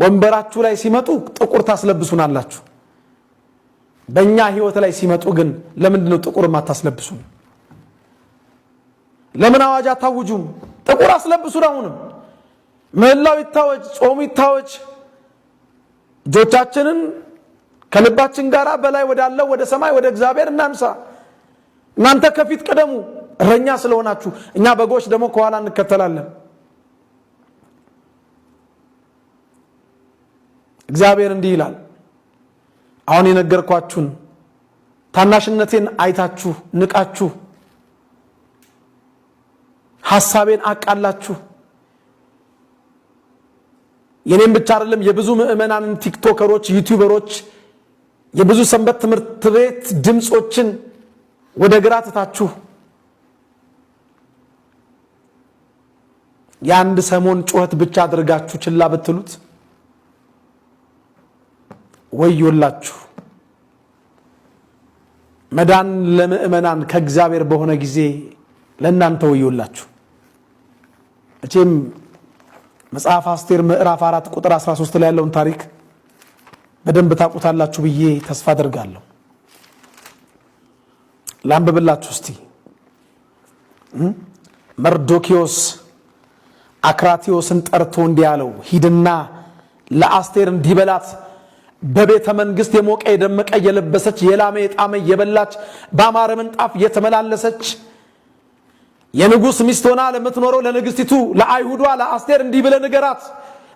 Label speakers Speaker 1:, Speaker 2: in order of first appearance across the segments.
Speaker 1: ወንበራችሁ ላይ ሲመጡ ጥቁር ታስለብሱናላችሁ። በእኛ ህይወት ላይ ሲመጡ ግን ለምንድነው ነው ጥቁር አታስለብሱን? ለምን አዋጅ አታውጁም? ጥቁር አስለብሱን። አሁንም መላው ይታወጅ፣ ጾሙ ይታወጅ። እጆቻችንን ከልባችን ጋር በላይ ወዳለው ወደ ሰማይ ወደ እግዚአብሔር እናንሳ። እናንተ ከፊት ቀደሙ እረኛ ስለሆናችሁ፣ እኛ በጎች ደግሞ ከኋላ እንከተላለን። እግዚአብሔር እንዲህ ይላል፣ አሁን የነገርኳችሁን ታናሽነቴን አይታችሁ ንቃችሁ ሐሳቤን አቃላችሁ የኔም ብቻ አይደለም የብዙ ምዕመናንን ቲክቶከሮች፣ ዩቲዩበሮች የብዙ ሰንበት ትምህርት ቤት ድምፆችን ወደ ግራ ትታችሁ የአንድ ሰሞን ጩኸት ብቻ አድርጋችሁ ችላ ብትሉት ወዮላችሁ። መዳን ለምእመናን ከእግዚአብሔር በሆነ ጊዜ ለእናንተ ወዮላችሁ። መቼም መጽሐፍ አስቴር ምዕራፍ አራት ቁጥር 13 ላይ ያለውን ታሪክ በደንብ ታውቁታላችሁ ብዬ ተስፋ አድርጋለሁ። ላንብብላችሁ እስቲ። መርዶኪዎስ አክራቲዎስን ጠርቶ እንዲህ አለው፣ ሂድና ለአስቴር እንዲህ በላት በቤተ መንግስት የሞቀ የደመቀ የለበሰች የላመ የጣመ የበላች በአማረ ምንጣፍ የተመላለሰች የንጉሥ ሚስት ሆና ለምትኖረው ለንግሥቲቱ ለአይሁዷ ለአስቴር እንዲህ ብለ ንገራት።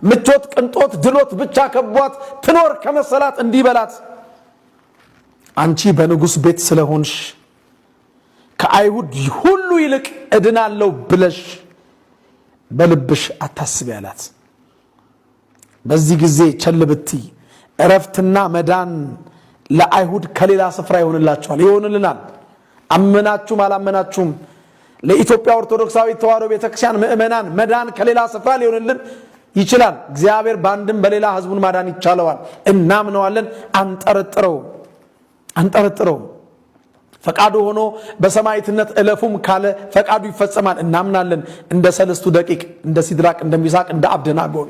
Speaker 1: ምቾት፣ ቅንጦት፣ ድሎት ብቻ ከቧት ትኖር ከመሰላት እንዲህ በላት። አንቺ በንጉሥ ቤት ስለሆንሽ ከአይሁድ ሁሉ ይልቅ እድናለው ብለሽ በልብሽ አታስቢ አላት። በዚህ ጊዜ ቸል ብትይ እረፍትና መዳን ለአይሁድ ከሌላ ስፍራ ይሆንላቸዋል፣ ይሆንልናል። አመናችሁም አላመናችሁም ለኢትዮጵያ ኦርቶዶክሳዊት ተዋሕዶ ቤተክርስቲያን ምእመናን መዳን ከሌላ ስፍራ ሊሆንልን ይችላል። እግዚአብሔር በአንድም በሌላ ህዝቡን ማዳን ይቻለዋል። እናምነዋለን፣ አንጠረጥረው አንጠረጥረው። ፈቃዱ ሆኖ በሰማይትነት እለፉም ካለ ፈቃዱ ይፈጸማል። እናምናለን። እንደ ሰለስቱ ደቂቅ፣ እንደ ሲድራቅ፣ እንደ ሚሳቅ፣ እንደ አብደናጎን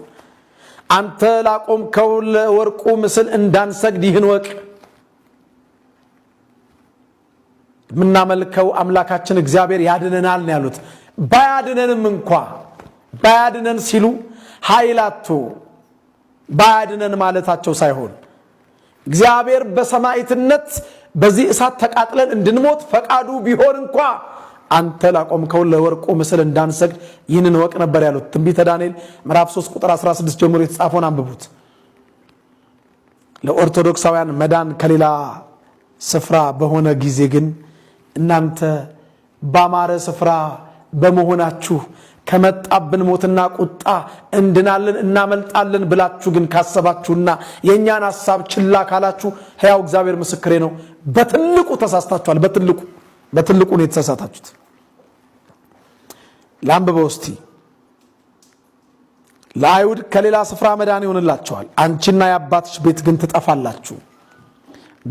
Speaker 1: አንተ ላቆምከው ለወርቁ ምስል እንዳንሰግድ ይህን ወቅ የምናመልከው አምላካችን እግዚአብሔር ያድነናል ነው ያሉት። ባያድነንም እንኳ ባያድነን ሲሉ ኃይላቱ ባያድነን ማለታቸው ሳይሆን እግዚአብሔር በሰማዕትነት በዚህ እሳት ተቃጥለን እንድንሞት ፈቃዱ ቢሆን እንኳ አንተ ላቆምከውን ለወርቁ ምስል እንዳንሰግድ ይህንን ወቅ ነበር ያሉት። ትንቢተ ዳንኤል ምዕራፍ 3 ቁጥር 16 ጀምሮ የተጻፈውን አንብቡት። ለኦርቶዶክሳውያን መዳን ከሌላ ስፍራ በሆነ ጊዜ ግን እናንተ ባማረ ስፍራ በመሆናችሁ ከመጣብን ሞትና ቁጣ እንድናለን እናመልጣለን ብላችሁ ግን ካሰባችሁና የእኛን ሀሳብ ችላ ካላችሁ ሕያው እግዚአብሔር ምስክሬ ነው፣ በትልቁ ተሳስታችኋል። በትልቁ በትልቁ ነው የተሳሳታችሁት። ለአንብበው እስቲ። ለአይሁድ ከሌላ ስፍራ መዳን ይሆንላቸዋል፣ አንቺና የአባትሽ ቤት ግን ትጠፋላችሁ።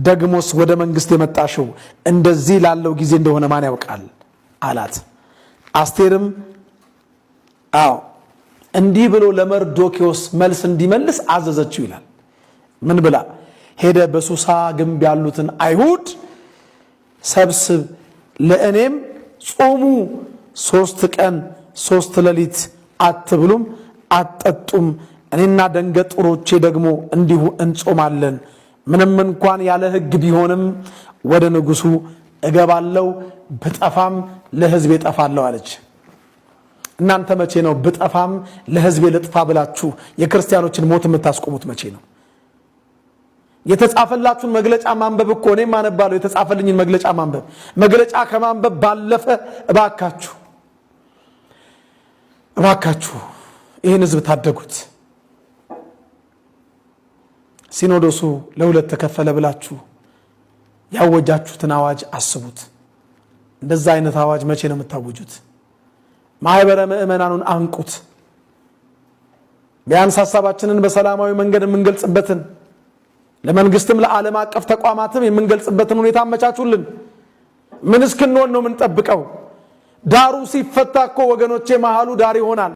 Speaker 1: ደግሞስ ወደ መንግሥት የመጣሽው እንደዚህ ላለው ጊዜ እንደሆነ ማን ያውቃል አላት። አስቴርም አዎ እንዲህ ብሎ ለመርዶኪዎስ መልስ እንዲመልስ አዘዘችው ይላል። ምን ብላ ሄደ? በሱሳ ግንብ ያሉትን አይሁድ ሰብስብ ለእኔም ጾሙ ሶስት ቀን ሶስት ሌሊት አትብሉም አትጠጡም፣ እኔና ደንገጡሮቼ ደግሞ እንዲሁ እንጾማለን። ምንም እንኳን ያለ ሕግ ቢሆንም ወደ ንጉሱ እገባለው፣ ብጠፋም ለሕዝቤ እጠፋለሁ አለች። እናንተ መቼ ነው ብጠፋም ለሕዝቤ ልጥፋ ብላችሁ የክርስቲያኖችን ሞት የምታስቆሙት? መቼ ነው? የተጻፈላችሁን መግለጫ ማንበብ እኮ እኔ አነባለሁ። የተጻፈልኝን መግለጫ ማንበብ መግለጫ ከማንበብ ባለፈ እባካችሁ እባካችሁ ይህን ህዝብ ታደጉት። ሲኖዶሱ ለሁለት ተከፈለ ብላችሁ ያወጃችሁትን አዋጅ አስቡት። እንደዛ አይነት አዋጅ መቼ ነው የምታወጁት? ማህበረ ምዕመናኑን አንቁት። ቢያንስ ሀሳባችንን በሰላማዊ መንገድ የምንገልጽበትን ለመንግስትም ለዓለም አቀፍ ተቋማትም የምንገልጽበትን ሁኔታ አመቻቹልን። ምን እስክንሆን ነው የምንጠብቀው? ዳሩ ሲፈታ እኮ ወገኖቼ መሃሉ ዳር ይሆናል።